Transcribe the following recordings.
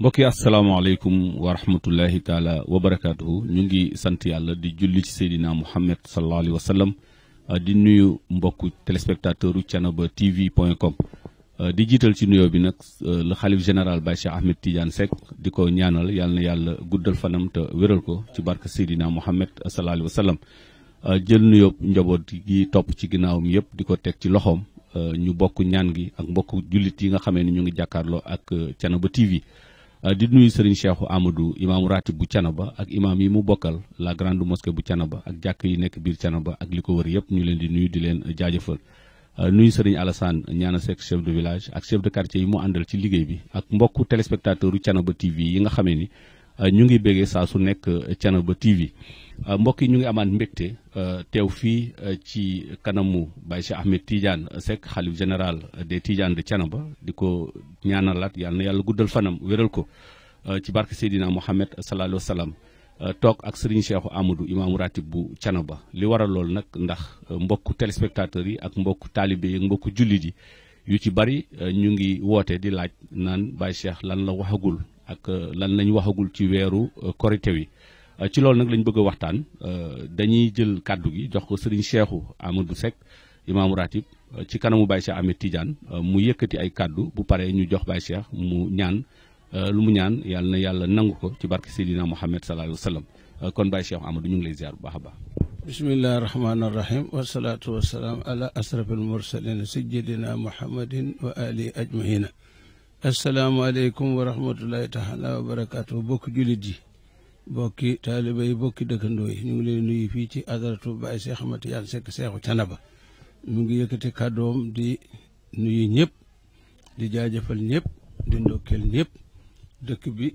mbokk yi asalaamaaleykum wa rahmatullahi taala wa barakaatuhu ñu ngi sant yàlla di julli ci seydina muhammad sallallahu alayhi wa sallam ah, di nuyu mbokku téléspectateur u Thiénaba tv point com ah, di jiital ci nuyoo bi nag ah, la xalif général Baye Cheikh Ahmed Tidiane Seck di ko ñaanal yàlla na yàlla guddal fanam te wéral ko ci barke seydina muhammad sallallahu alayhi jël nuyoo njaboot gi topp ci ginnaawam yëpp di ko teg ci loxoom ñu bokk ñaan gi ak mbokk jullit yi nga xamee ni ñu ngi jàkkaarloo ak Thiénaba tv Euh, di nuyu Serigne Cheikhou Amadou imaamu ratib bu Canaba ak imaam yi mu bokkal la grande mosquée bu Canaba ak jàkk yi nekk biir Canaba ak li ko wër yëpp ñu leen di nuyu di leen jaajëfal euh, nuyu Serigne Alassane ñaana sekk chef de village ak chef de quartier yi mu àndal ci liggéey bi ak mbokku téléspectateur u Canaba TV yi nga xamee ni Euh, ñu ngi béggee saa su nekk cana ba TV mbokk yi ñu ngi amaat mbégte euh, tew fii euh, ci kanamu Baye Cheikh Ahmed Tidiane Seck xalif général des Tidiane de Thiénaba di ko ñaanalaat yàlla na yàlla guddal fanam wéral ko ci barke Seydina Mohamed sallallahu alayhi toog ak Serigne Cheikhu Amadou imaamu ratib bu ba li waral lool nag ndax mbokku téléspectateurs yi ak mbokku taalibe yi ak mbokku jullit yi yu ci bari ñu ngi woote di laaj naan Baye Cheikh lan la waxagul ak euh, lan lañ waxagul ci weeru euh, korite wi euh, ci loolu nag lañ bëgg a waxtaan dañuy jël kàddu gi jox ko sëriñ ama du Seck imaamu ratib ci kanamu Baye Cheikh Ahmed Tidiane mu yëkkati ay kàddu bu paree ñu jox Baye Cheikh mu ñaan lu mu ñaan yàlla na yàlla nangu ko ci barke Seydina Muhammad sallallahu alayhi wa sallam kon Baye Cheikh Amadou ñu ngi lay ziar bu baax a baax. bismillahi rahmaani wasalaatu wasalaam ala asrafil mursalin sayyidina muhammadin wa ali ajmahina asalaamaaleykum wa rahmatullahi taala wa bokki jullit yi bokki taaliba yi bokki dëkkandoo yi ñu ngi leen nuyu fii ci adaratu Baye Cheikh Ahmed Tidiane Seck Seexu Canaba mu ngi yëkkati kàddoom di nuyu ñëpp di jaajëfal ñépp di ndokkeel ñëpp dëkk bi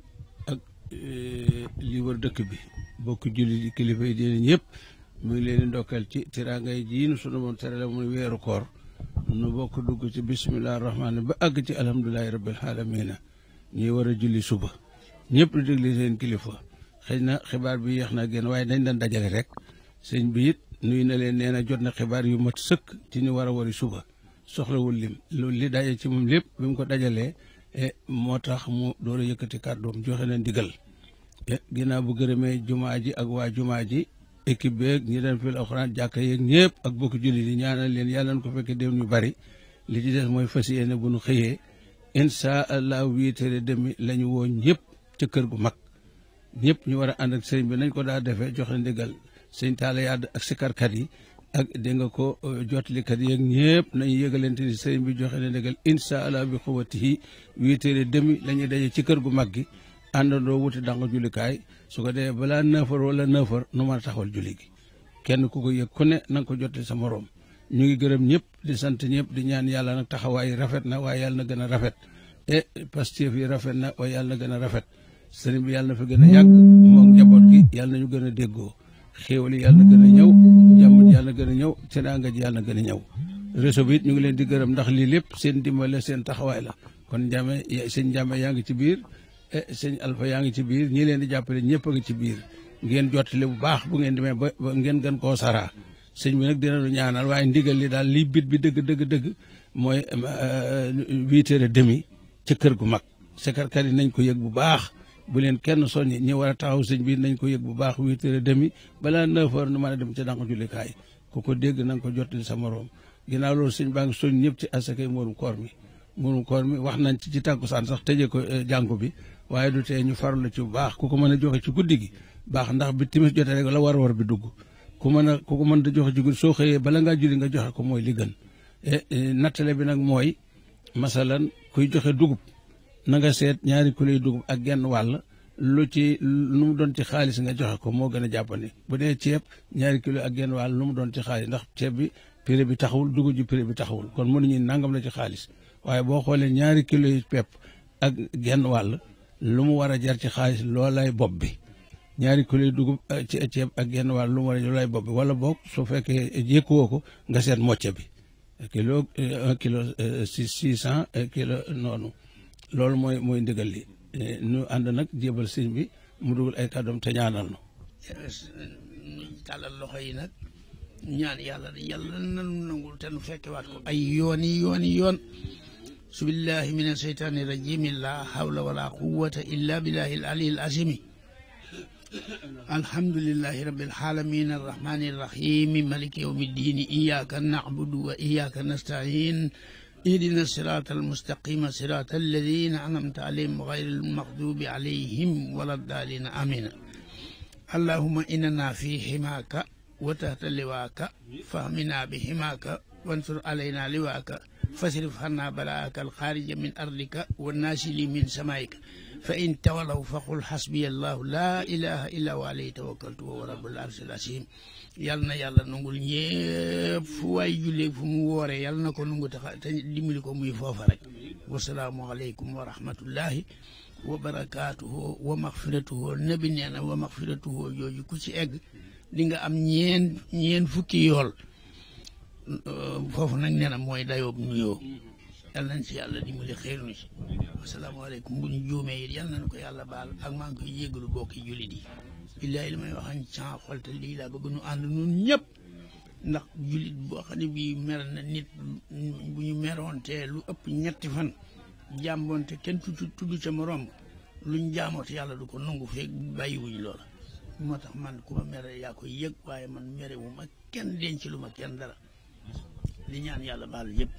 ak eh, li dëkk bi bokki jullit yi kilifa yi di leen ñëpp mu ngi leen ci teraangay ji nu sunu moom terale muy weeru koor nu bokk dugg ci bisimilah rahmaani ba àgg ci alhamdulilahi rabbil alamina ñuy war a julli suba ñëpp di déglu seen kilifa xëy na xibaar bi yéex na génn waaye dañ daan dajale rek sëñ bi it nuyu na leen nee na jot na xibaar yu mat sëkk ci ñu war a wari suba soxlawul lim loolu li daje ci moom lépp bi mu ko dajalee e, moo tax mu door a yëkkati kàddoom joxe na ndigal e, ginnaaw bu gërëmee jumaa ji ak waa jumaa ji équipe beeg ñi daan fil alxuraan jàkka yeeg ñëpp ak bokk jullit yi ñaanal leen yàlla na ko fekkee dem ñu bari li ci des mooy fas yéene bu nu xëyee incha allah huit heures et demi la woo ñëpp ca kër gu mag ñëpp ñu war a ànd ak sëriñ bi nañ ko daa defee joxe ndigal sëñ taala yadd ak sikarkat yi ak dégg nga ko euh, jotlikat yeeg ñëpp nañu yëgalante ni sëriñ bi joxe na ndigal incha allah bi xubatihi huit heures et demi la ñuy daje ci kër gu mag gi àndandoo wuti dàngu jullikaay su ko dee balaa neuf heures wala neuf heures nu mën a taxawal julli gi kenn ku ko yëg ku ne na ko jottali sa morom ñu ngi gërëm ñëpp di sant ñëpp di ñaan yàlla nag taxawaay rafet na waaye yàlla na gën a rafet e yi rafet na waaye yàlla na gën a rafet sëriñ bi yàlla na fi gën a yàgg moom njaboot gi yàlla gën a déggoo xéewal yàlla na gën a ñëw jàmm yàlla gën a ñëw teraanga ji yàlla na gën a ñëw réseau bi ñu ngi leen di gërëm ndax lii lépp seen dimbale seen taxawaay la kon njàmme seen njàmme yaa ngi ci biir Eh, sëñ Alpha yaa ngi ci biir ñi leen di jàppale ñëpp a ngi ci biir ngeen jottali bu baax bu ngeen demee ba ngeen gën koo saraa sëñ bi nag dina lu ñaanal waaye ndigal lee daal lii bit bi dëgg dëgg dëgg mooy eh, eh, huit heures et demi ci kër gu mag secrétaire yi nañ ko yëg bu baax bu leen kenn soññi ñi war a taxaw sëñ bi nañ ko yëg bu baax huit heures et demi balaa neuf nu mën a dem ci dànk jullikaay ku ko dégg na ko jottali sa morom ginnaaw loolu sëñ baa ngi soñ ñëpp ci asakay moorum koor mi mburum koor mi wax nañ ci ci tàkkusaan sax tëjee ko eh, jànku bi waaye du tee ñu farlu ci bu baax ku ko mën a joxe ci guddi gi baax ndax bi timis jotee rek la war war bi dugg ku mën a ku ko mën a joxe ci guddi soo xëyee bala ngaa julli nga joxe ko mooy li gën eh, eh, nattale bi nag mooy masalan kuy joxe dugub na nga seet ñaari kiloy dugub ak genn wàll lu ci lu mu doon ci nga joxe ko moo gën a jàppandi bu dee ceeb ñaari kilo ak genn wàll lu mu doon ci xaalis ndax ceeb bi prix bi taxawul dugub ji prix bi taxawul kon mënuñuy nàngam la ci xaalis waaye boo xoolee ñaari kilo yi pepp ak genn wàll lu mu war a jar ci xaalis loolay bopp bi ñaari kilo yi dugub eh, ci ceeb ak genn wàll lu mu war a loolay bopp bi wala boog su fekkee jékkuwoo ko nga seet mocce bi kilo eh, un kilo eh, six six cent kilo noonu loolu mooy mooy ndigal li nu ànd nag jébal sëñ bi mu dugal ay kàddoom te ñaanal nu tàllal loxo yi nag ñaan yàlla yàlla nanu nangul te nu fekkewaat ko ay yoon yi yoon yi su billahi min asheytaani rajimi la hawla wala quwata illa billahi al ali al azimi alhamdulilahi rabbil alamin arrahmani arrahimi maliki yawmi ddini iyaka nacbudu wa iyaka nastain ihdina sirata almustaqima sirata alladina anamta alayhim gayri almaxdubi alayhim wala ddaalina amina allahuma innana fi himaaka wa tahta liwaaka fahmina bi himaaka wansur alayna liwaaka fasrif xanaa balaaka alxaarija min ardika wa naasili min samaayika fa in tawalaw faqul xasbiya allahu laa ilaha illa wa alayhi tawakkaltu wa rabbul arshil asiim yàlla na yàlla nangul ñëpp fu waay jullee fu mu wooree yàlla na ko nangu taxa te dimbali ko muy foofa rek wasalaamualeykum wa rahmatullahi wa barakaatuhu wa maxfiratuhu nabi nee na wa maxfiratuhu jooju ku ci egg di nga am ñeen ñeen fukki yool Euh, foofu nag nee na mooy dayoob nuyoo yàlla nañ si yàlla dimbali xéer nu si asalaamaaleykum bu ñu juumee it yàlla nañ ko yàlla baal ak maa ngi koy yégalu bokki jullit yi billaay li may waxañ can xolte lii laa bëgg nu ànd nun ñëpp ndax jullit boo xam ne bii mer na nit bu ñu meroontee lu ëpp ñetti fan jàmboonte kenn tudd moroom ca morom luñ jaamoot yàlla du ko nangu feeg bàyyiwuñ loola moo tax man ku ma mere yaa koy yëg waaye man merewuma kenn denc lu ma kenn li ñaan yàlla baal yëpp.